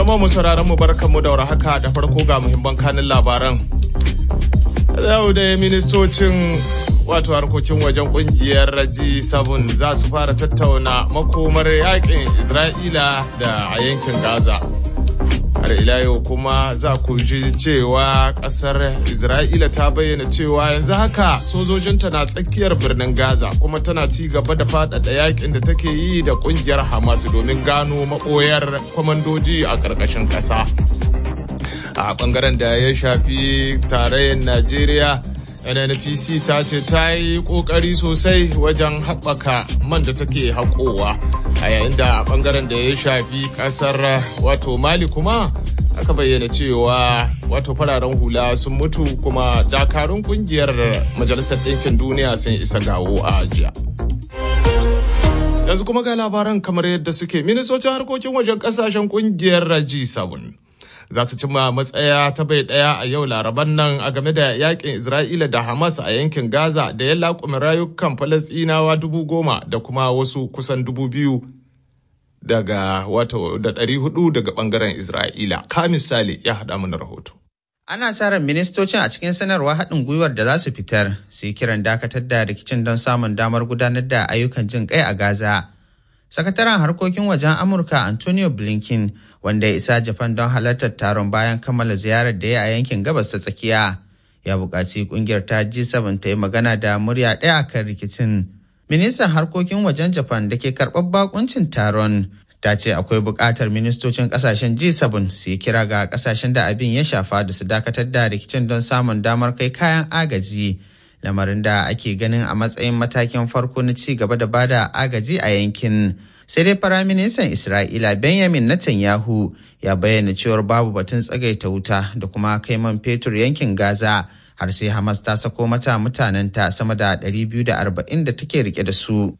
Jama'a mu sauraron mu barkanmu da haka da farko ga muhimman kanin labaran. Yau da ministocin wato harkokin wajen kungiyar G7 za su fara tattauna makomar yakin Isra'ila da a yankin Gaza. har ila yau kuma za ku ji cewa kasar isra'ila ta bayyana cewa yanzu haka sojojinta na tsakiyar birnin gaza kuma tana ci gaba da faɗaɗa yakin da take yi da kungiyar hamas domin gano maɓoyar kwamandoji a ƙarƙashin ƙasa a ɓangaren da ya shafi tarayyar najeriya nnpc ta ce ta yi kokari sosai wajen haɓaka man da take haƙowa a yayin da ɓangaren da ya shafi ƙasar wato mali kuma aka bayyana cewa wato fararen hula sun mutu kuma dakarun ƙungiyar majalisar ɗinkin duniya sun isa gawo a jiya yanzu kuma ga labaran kamar yadda suke ministocin harkokin wajen ƙasashen ƙungiyar g7 za su cimma matsaya ta bai ɗaya a yau laraban nan a game da yakin Isra'ila da Hamas a yankin Gaza da ya laƙumi rayukan Falasɗinawa dubu goma da kuma wasu kusan dubu biyu daga wata da ɗari hudu daga ɓangaren Isra'ila. Ka misali ya haɗa mana rahoto. Ana sa ran ministocin a cikin sanarwa haɗin gwiwar da za su fitar su yi kiran dakatar da rikicin don samun damar gudanar da ayyukan jin kai a Gaza. sakataren harkokin wajen amurka antonio blinken wanda ya isa japan don halartar taron bayan kammala ziyarar da ya a yankin gabas ta tsakiya ya buƙaci ƙungiyar ta g7 ta yi magana da murya ɗaya kan rikicin ministan harkokin wajen japan da ke karɓar bakuncin taron ta ce akwai buƙatar ministocin ƙasashen g7 su yi kira ga ƙasashen da abin ya shafa da su dakatar da rikicin don samun damar kai kayan agaji lamarin da ake ganin a matsayin matakin farko na ci gaba da bada agaji a yankin sai dai firaministan isra'ila benjamin netanyahu ya bayyana cewar babu batun tsagaita wuta da kuma kai man fetur yankin gaza har sai hamas ta sako mata mutanenta sama da 240 da take rike da su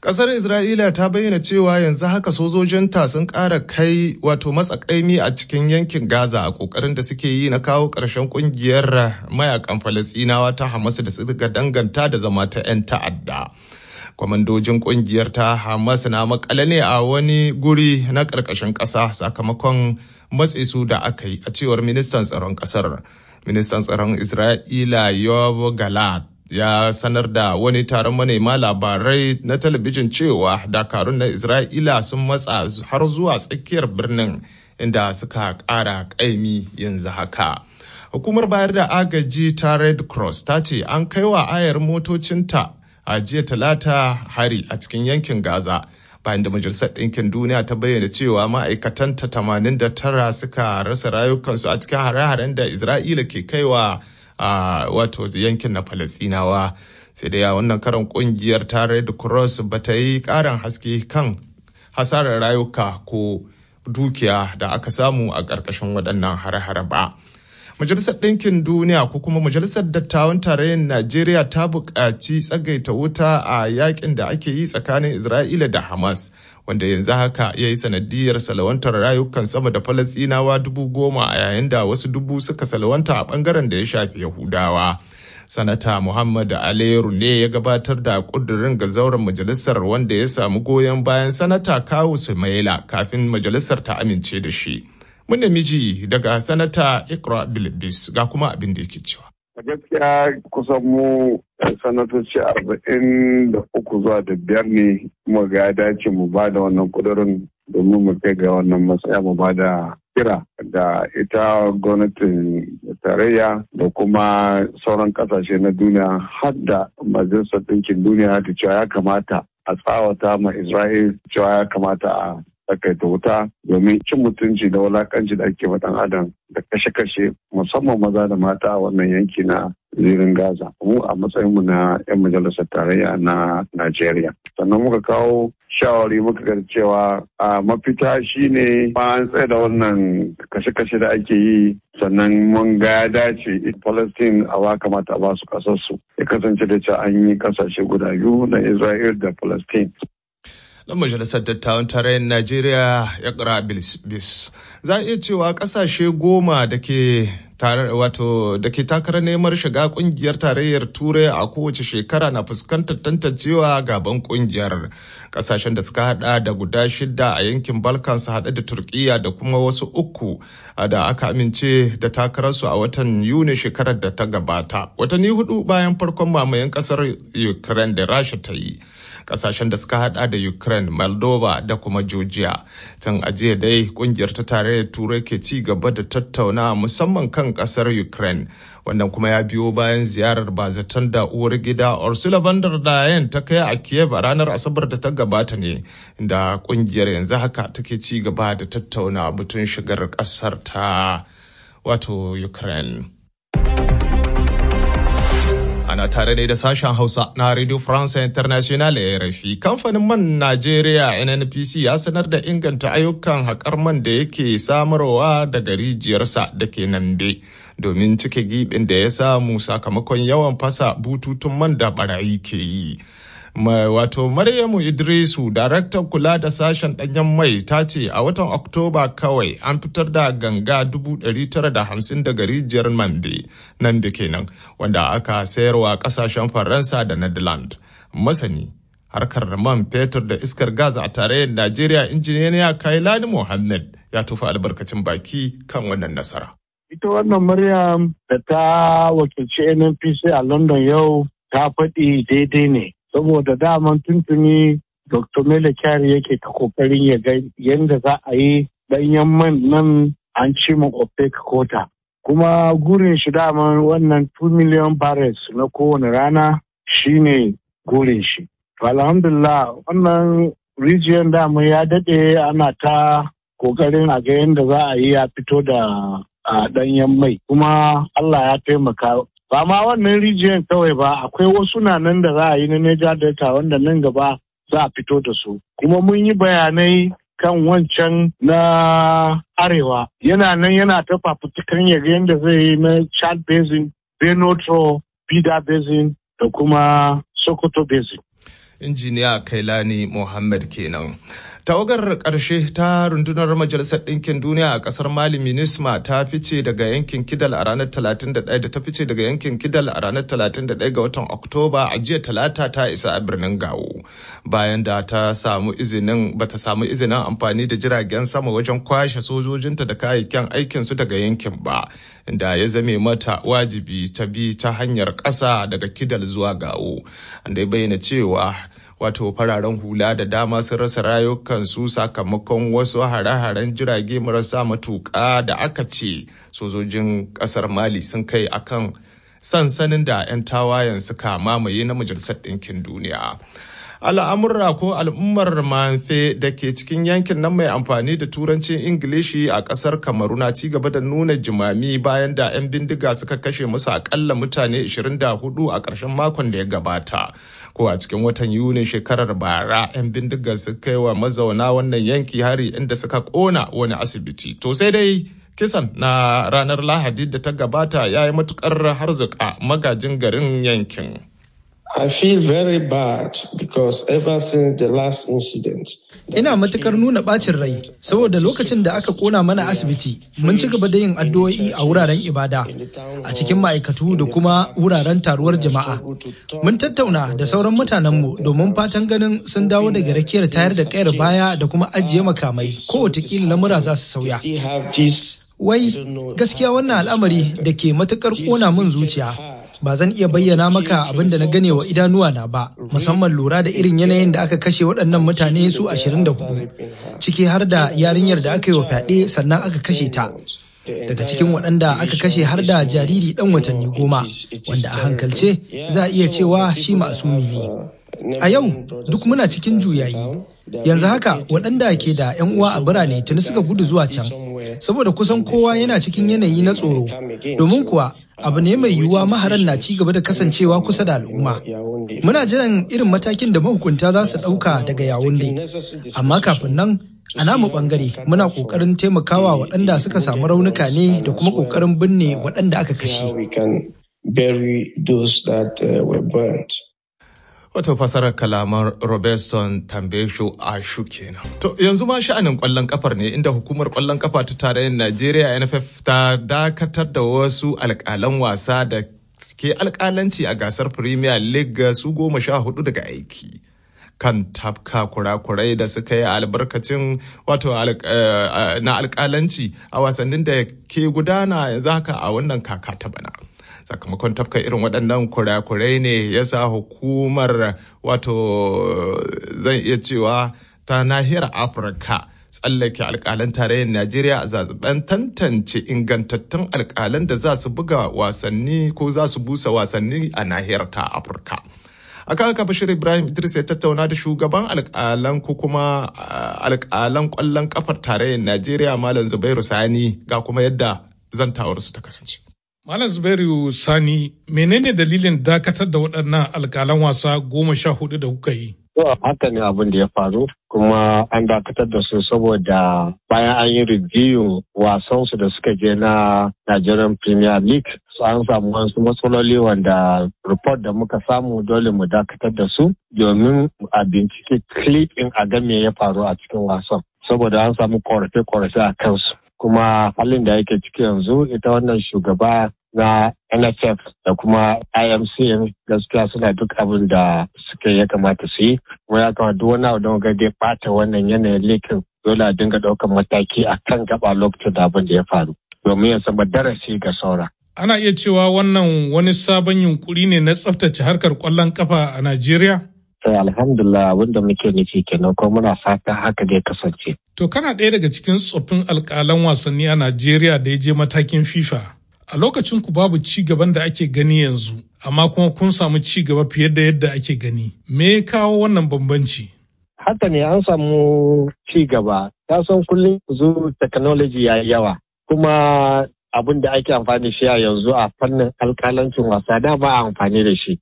Ƙasar Isra'ila ta bayyana cewa yanzu haka sojojinta sun ƙara kai wato matsakaimi a cikin yankin Gaza a ƙoƙarin da suke yi na kawo ƙarshen ƙungiyar mayakan Falasɗinawa ta Hamas da suka danganta da zama ta 'yan ta'adda. kwamandojin kungiyar ta hamas na makale ne a wani guri na ƙarƙashin ƙasa sakamakon matsi su da aka yi a cewar ministan tsaron ƙasar ministan tsaron isra'ila yob galat ya sanar da wani taron manema labarai na talabijin cewa dakarun na isra'ila sun matsa har zuwa tsakiyar birnin inda suka ƙara kaimi yanzu haka hukumar bayar da agaji ta red cross ta ce an kai wa ayar motocinta a jiya talata hari a cikin yankin gaza bayan da majalisar ɗinkin duniya ta bayyana cewa ma'aikatanta 89 suka rasa rayukansu a cikin hare-haren da isra'ila ke kaiwa a wato yankin na Falasinawa. Sai dai ya wannan karan kungiyar ta Red Cross ba ta yi ƙarin haske kan hasarar rayuka ko dukiya da aka samu a ƙarƙashin waɗannan har-hare ba. Majalisar Ɗinkin Duniya ko kuma Majalisar Dattawan Tarayyar Najeriya ta buƙaci tsagaita wuta a yakin da ake yi tsakanin Isra'ila da Hamas, wanda yanzu haka ya yi sanadiyar salawantar rayukan sama da Falasɗinawa dubu goma a yayin da wasu dubu suka salawanta a ɓangaren da ya shafi Yahudawa. Sanata Muhammad Aliyu ne ya gabatar da ƙudurin ga zauren majalisar wanda ya samu goyon bayan Sanata Kawu Sumaila kafin majalisar ta amince da shi. Mun miji daga sanata Ikra Bilbis ga kuma abin da yake cewa. A gaskiya kusan mu eh, sanatoci arba'in da uku zuwa da biyar ne kuma ga ya dace mu ba da wannan kudurin domin mu kai ga wannan matsaya mu ba da kira da ita gwamnatin tarayya da kuma sauran kasashe na duniya har da majalisar ɗinkin duniya ta cewa ya kamata a tsawata ma Isra'il cewa ya kamata a da wuta domin cin mutunci da wulakanci da ake dan adam da kashe-kashe musamman maza da mata a wannan yanki na zirin gaza mu a matsayin mu na 'yan majalisar tarayya na najeriya sannan muka kawo shawari muka ga cewa a mafita shine ma an tsaye da wannan kashe-kashe da ake yi sannan mun ga ya dace palestine a wa kamata a basu kasarsu ya kasance da cewa an yi kasashe guda biyu na israel da palestine Don majalisar dattawan tarayyar najeriya ya kira bilis za a iya cewa kasashe goma da ke wato da ke takarar neman shiga kungiyar tarayyar turai a kowace shekara na fuskantar tantancewa gaban kungiyar kasashen da suka hada da guda shida a yankin balkan su hada da turkiya da kuma wasu uku da aka amince da takararsu a watan yuni shekarar da ta gabata watanni hudu bayan farkon mamayen kasar ukraine da rasha ta yi kasashen da suka hada da ukraine moldova da kuma georgia tun ajiya dai kungiyar ta da turai ke ci gaba da tattauna musamman kan kasar ukraine wannan kuma ya biyo bayan ziyarar bazatan da uwar gida ursula von der leyen ta kai a kiev a ranar asabar da ta gabata ne da kungiyar yanzu haka take ci gaba da tattauna batun shigar kasar ta wato ukraine ana tare ne da sashen hausa na radio france international rfi kamfanin man nigeria nnpc ya sanar da inganta ayyukan haƙar man da yake samarwa daga rijiyarsa da ke nambe domin cike gibin da ya samu sakamakon yawan fasa bututun man da barayi ke yi. wato maryamu idrisu daraktan kula da sashen ɗanyen mai ta ce a watan oktoba kawai an fitar da ganga 950 daga rijiyar mande nan da nan wanda aka sayarwa ƙasashen faransa da netherland masani harkar man fetur da iskar gas a tarayyar najeriya injiniya kailani mohammed ya tufa albarkacin baki kan wannan nasara Ita wannan Maryam da ta wakilci NNPC a London yau ta faɗi daidai ne, saboda daman tuntuni Dr. Mele Kyari yake ta kokarin ya ga yadda za a yi ɗanyen man nan an ci ma OPEC kota. Kuma gurin shi daman wannan 2 million barrels na kowane rana shine gurin shi. Alhamdulillah wannan rijiyar daman ya daɗe ana ta kokarin a ga yadda za a yi a fito da a ɗanyen mai kuma Allah ya taimaka ba ma wannan rijiyar kawai ba akwai wasu nan da za a yi na Niger Delta wanda nan gaba za a fito da su kuma mun yi bayanai kan wancan na arewa yana nan yana ta fafutukan yaga yadda zai yi na Chad Basin, Benotro, Bida Basin da kuma Sokoto Basin. Injiniya Kailani Mohammed kenan. tawagar ƙarshe ta rundunar majalisar ɗinkin duniya a ƙasar mali minisma ta fice daga yankin kidal a ranar 31 da ta fice daga yankin kidal a ranar 31 ga watan oktoba a jiya talata ta isa a birnin gawo bayan da ta samu izinin ba samu izinin amfani da jiragen sama wajen kwashe sojojinta da kayayyakin su daga yankin ba da ya zame mata wajibi ta bi ta hanyar ƙasa daga kidal zuwa gawo an dai bayyana cewa wato fararen hula da dama sun rasa rayukansu sakamakon wasu hare-haren jirage marasa matuƙa da aka ce sojojin kasar mali sun kai akan sansanin da 'yan tawayen suka mamaye na majalisar ɗinkin duniya al'amurra ko al'ummar manfe da ke cikin yankin nan mai amfani da turancin ingilishi a kasar kamaru na ci gaba da nuna jimami bayan da 'yan bindiga suka kashe musu akalla mutane 24 a ƙarshen makon da ya gabata ko a cikin watan yuni shekarar bara 'yan bindigar su kai wa mazauna wannan yanki hari inda suka kona wani asibiti to sai dai kisan na ranar lahadi da ta gabata ya yi matukar harzuka magajin garin yankin I feel very bad because ever since the last incident. Ina matukar nuna ɓacin rai saboda lokacin da aka kona mana asibiti mun ci gaba da yin addu'o'i a wuraren ibada a cikin ma'aikatu da kuma wuraren taruwar jama'a. Mun tattauna da sauran mutanenmu domin fatan ganin sun dawo daga rakiyar tayar da kayar baya da kuma ajiye makamai ko watakila lamura za su sauya. Wai gaskiya wannan al'amari da ke matukar kona mun zuciya ba zan iya bayyana maka abin da na gane wa idanuwa na ba musamman lura da irin yanayin da aka kashe waɗannan mutane su ashirin da hudu. ciki har da yarinyar da aka yi wa fyaɗe sannan aka kashe ta daga cikin waɗanda aka kashe har da jariri ɗan watanni goma wanda a hankalce za a iya cewa shi masu ne a yau duk muna cikin juyayi yanzu haka waɗanda ke da 'yan uwa a birane tuni suka gudu zuwa can saboda kusan kowa yana cikin yanayi na tsoro domin kuwa abu ne mai yiwuwa maharan na ci gaba da kasancewa kusa da al'umma muna jiran irin matakin da mahukunta za su ɗauka daga yawunde amma kafin nan a namu bangare muna kokarin taimakawa waɗanda suka samu raunuka ne da kuma kokarin binne waɗanda aka kashe uh, Wata fasarar kalamar Robertson Tambesho a kenan. To yanzu ma sha'anin kwallon kafar ne inda hukumar kwallon kafa ta tarayyar Najeriya NFF ta dakatar da wasu alkalan wasa da ke alkalanci a gasar Premier League ga su goma sha hudu daga aiki. kan tafka kurakurai da suka yi albarkacin wato eh, na alkalanci a wasannin da ke gudana yanzu haka a wannan kaka ta bana. sakamakon tafka irin waɗannan kurakurai ne ya sa hukumar wato zan iya cewa ta nahiyar afirka tsallake alkalan tarayyar najeriya a zaɓen tantance ingantattun alkalan da za su buga wasanni ko za su busa wasanni a nahiyar ta afirka a kan haka bashir ibrahim idris ya tattauna da shugaban alkalan ko kuma ah, alkalan kwallon kafar tarayyar najeriya malam zubairu sani ga kuma yadda zantawarsu ta kasance Malam Zubairu Sani, menene dalilin dakatar da waɗannan alƙalan wasa goma sha hudu da kuka yi? To, haka ne abin da ya faru, kuma an dakatar da su saboda bayan an yi review wasansu da suka je na Nigerian Premier League an samu wasu matsaloli wanda report da muka samu dole mu dakatar da su domin a bincike clip in a ga ya faru a cikin wasan saboda an samu korafe-korafe a kansu kuma halin da yake ciki yanzu ita wannan shugaba na NSF da kuma IMC gaskiya suna duk abin da suke ya kamata su yi kuma ya kamata duk wani abu don ga dai bata wannan yanayin lekin dole a dinga ɗaukar mataki a kan gaba lokacin da abin da ya faru domin ya zama darasi ga saura. Ana iya cewa wannan wani sabon yunkuri ne na tsaftace harkar kwallon kafa a Najeriya? sai eh, alhamdulillah wanda muke nufi kenan ko muna fata haka zai kasance. To kana ɗaya daga cikin tsoffin alƙalan wasanni a Najeriya da ya je matakin FIFA. A lokacin ku babu ci gaban da ake gani yanzu, amma kuma kun samu ci gaba fiye da yadda ake gani. Me ya kawo wannan bambanci? Haka ne an samu ci gaba. Ta san kullum zu technology ya yawa. Kuma abin da ake amfani shi a yanzu a fannin alkalancin wasa da ba amfani da shi.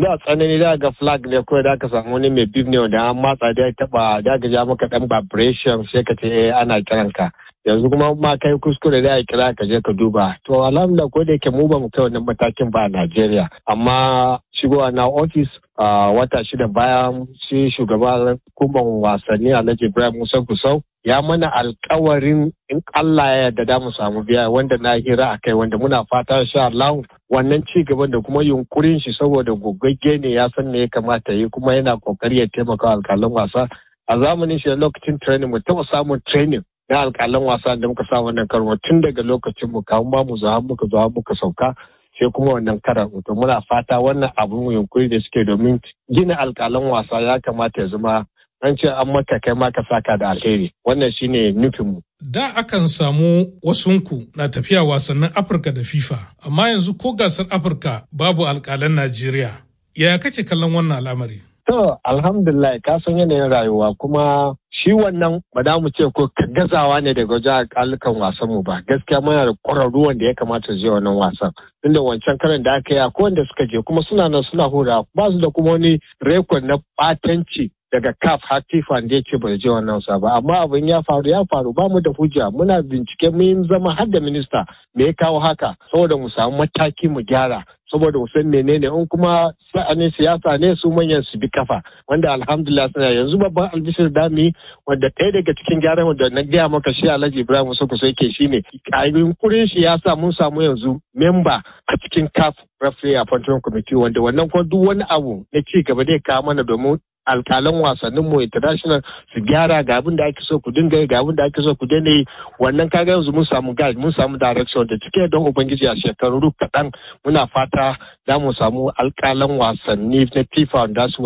Da tsanani da ga flag ne kawai da ka samu ne mai bib ne an matsa da ya taba da ga ja maka dan vibration sai ka ce eh, ana kiranka. yanzu kuma ma kai kuskure da ya kira ka je ka duba to alhamdulillah ko da yake mu ba mu kai wannan matakin ba a Najeriya amma shigowa na ofis a wata shida bayan shi shugaban hukumar wasanni Alhaji Ibrahim Musa gusau ya mana alkawarin in Allah ya yarda da mu samu biya wanda na hira akai wanda muna fata sha Allah wannan ci gaban da kuma yunkurin shi saboda gogagge ne ya san me ya kamata yi kuma yana kokari ya taimaka alkalan wasa a zamanin shi lokacin training mu taɓa samun training na alƙalan wasa da muka sa wannan karo tun daga lokacin mu kawun ba mu zuwa muka zuwa muka sauka sai kuma wannan karar to muna fata wannan abun yunkuri da suke domin gina alƙalan wasa ya kamata ya zama an ce an maka kai maka saka da alheri wannan shine nufin mu da akan samu wasunku na tafiya wasannin afirka da fifa amma yanzu ko gasar afirka babu alƙalan najeriya yaya kake kallon wannan al'amari to alhamdulillah ka san yanayin rayuwa kuma shi wannan ba za mu ce ko gazawa ne daga wajen alƙalukan wasan mu ba gaskiya muna da ƙwararru wanda ya kamata su je wannan wasan tunda wancan karin da aka yi akwai wanda suka je kuma suna nan suna hura ba su da kuma wani rekod na batanci. daga CAF har FIFA da yake bai je wannan sa ba amma abin ya faru ya faru ba mu da hujja muna bincike mun zama har da minista me ya kawo haka saboda mu samu mataki mu gyara saboda mu san menene in kuma sa'anin siyasa ne su manyan su bi kafa wanda alhamdulillah suna yanzu babban albishir dami wanda ɗaya daga cikin gyaran wanda na gaya maka shi alhaji ibrahim soko sai ke shine ƙarin kurin shi ya sa mun samu yanzu memba a cikin caf referee appointment committee wanda wannan kuma duk wani abu na ci gaba zai kawo mana domin alkalan wasannin mu international su gyara ga abin da ake so ku dinga ga abin da ake so ku daina yi wannan kaga yanzu mun samu guide mun samu direction da cike don ubangiji a shekaru kaɗan muna fata za mu samu alkalan wasanni na FIFA da su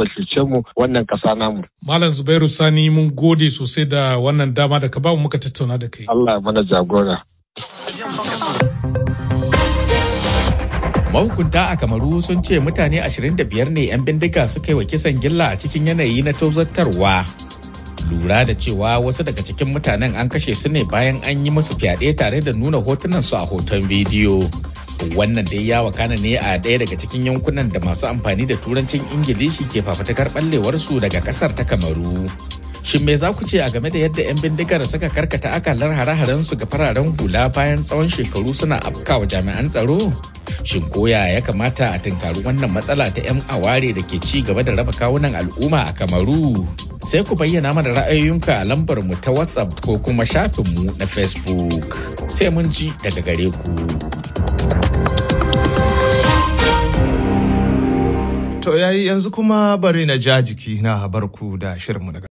mu wannan ƙasa namu. Malam Zubairu Sani mun gode sosai da wannan dama da ka ba mu muka tattauna da kai. Allah mana jagora. mahukunta a kamaru sun ce mutane 25 ne 'yan bindiga suka yi wa kisan gilla a cikin yanayi na tozartarwa lura da cewa wasu daga cikin mutanen an kashe su ne bayan an yi musu fyaɗe tare da nuna hotunan su a hoton bidiyo wannan dai ya wakana ne a ɗaya daga cikin yankunan da masu amfani da turancin ingilishi ke fafatakar ɓallewar su daga ƙasar ta kamaru shin me za ku ce a game da yadda 'yan bindigar suka karkata akalar hare-haren su ga fararen hula bayan tsawon shekaru suna afkawa jami'an tsaro shin koya ya kamata a tunkari wannan matsala ta 'yan aware da ke ci gaba da raba kawunan al'umma a kamaru sai ku bayyana mana ra'ayoyinka a lambar mu ta whatsapp ko kuma shafinmu na facebook sai mun ji daga gare ku to yayi yanzu kuma bari na ja jiki na barku da shirinmu daga